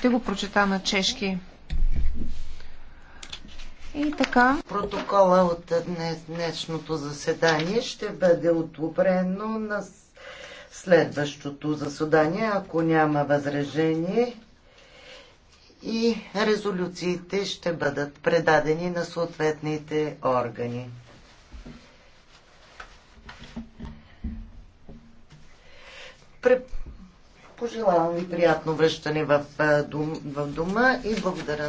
Ще го прочета на чешки. И така. Протокола от днес, днешното заседание ще бъде отобрено на следващото заседание, ако няма възражение. И резолюциите ще бъдат предадени на съответните органи. Пре... Пожелавам ви приятно връщане в, в дома и благодаря